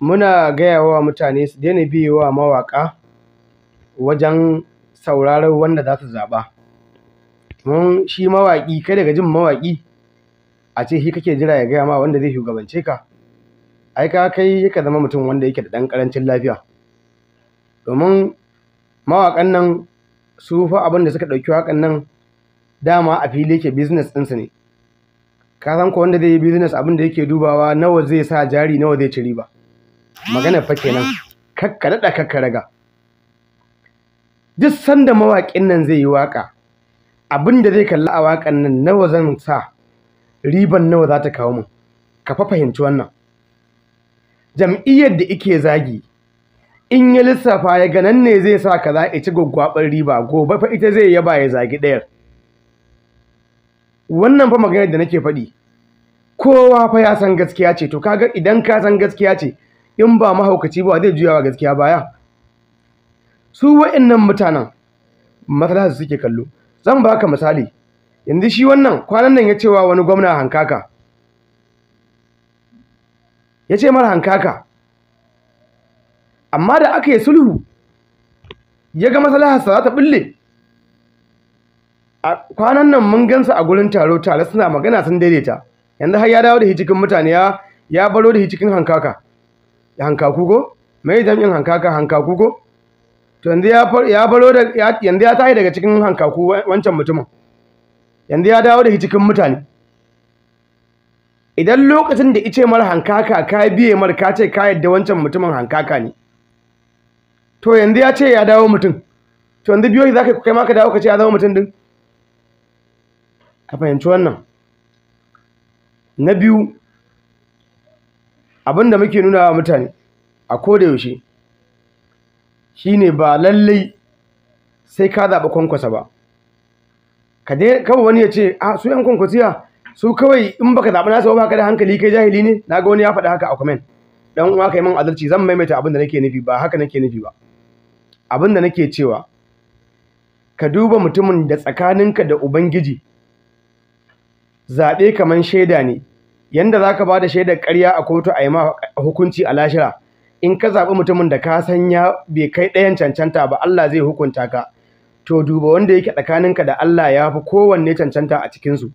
muna gaya wa mutane su daina biye wa mawaƙa wajen sauraron wanda za su zaɓa. Mun shi mawaƙi kai daga jin mawaƙi a ce shi kake jira ya gaya ma wanda zai shugabance ka, ai ka kai sai zama mutum wanda yake da ɗan ƙarancin lafiya. Domin mawaƙan nan su fa abin da suka ɗauki waƙan nan dama a fili yake business ɗinsu ne. Ka san ko wanda zai yi business abin da yake dubawa nawa zai sa jari nawa zai ci riba. maganar fa kenan kakka daɗa kakka raga duk sanda mawaƙin nan zai yi waƙa abin da zai kalli a waƙan nan nawa zan sa riban nawa za ta kawo min ka fa fahimci wannan jam'iyyar da ike zagi in ya lissafa ya ganan ne zai sa kaza ya ci gwaggwaɓar riba gobe fa ita zai yaba ya zagi ɗayar wannan fa maganar da nake faɗi kowa fa ya san gaskiya ce to kaga idan ka san gaskiya ce in ba mahaukaci ba zai juya wa gaskiya baya su wa'annan mutanen matsala su suke kallo zan baka misali yanzu shi wannan kwanan nan ya ce wani gwamna hankaka ya ce mara hankaka amma da aka yi sulhu ya ga maslaharsa za ta bulle a kwanan nan mun gansa a gurin taro tare suna magana sun daidaita yanzu har ya dawo da hijikin mutane ya baro da hijikin hankaka hankaku ko mai jam'in hankaka hankaku ko to yanzu ya baro da yanzu ya daga cikin hankaku wancan mutumin yanzu ya dawo da cikin mutane idan lokacin da ice mara hankaka ka biye mara ka ce ka yadda wancan mutumin hankaka ne to yanzu ya ce ya dawo mutum to yanzu biyo za ka kai ma dawo ka ce ya zama mutum din ka fahimci wannan na biyu abin da muke nuna wa mutane a koda yaushe ne ba lallai sai ka zaɓi kwankwasa ba ka dai kawai wani ya ce a su yan kwankwasiya su kawai in baka zaɓi nasa ba ka da hankali kai jahili ne na ga wani ya faɗi haka a comment dan uwa yi min adalci zan maimaita abin da nake nufi ba haka nake nufi ba abin da nake cewa ka duba mutumin da tsakaninka da ubangiji zaɓe kaman shaida ne yanda za ka ba da shaidar karya a kotu a yi ma hukunci a lashira in ka zaɓi mutumin da ka san ya bai kai ɗayan cancanta ba Allah zai hukunta ka to duba wanda yake tsakaninka da Allah ya fi kowanne cancanta a cikinsu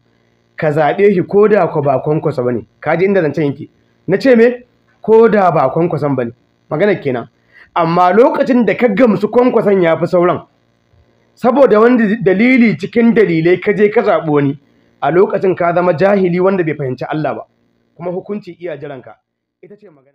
ka zaɓe shi ko da ku ba kwankwasa ba ne ka ji inda zancen yake na ce me ko da ba kwankwason ba ne maganar kenan amma lokacin da ka gamsu kwankwasan ya fi sauran saboda wanda dalili cikin dalilai ka je ka zaɓi wani a lokacin ka zama jahili wanda bai fahimci Allah ba kuma hukunci iya jiranka ita ce magana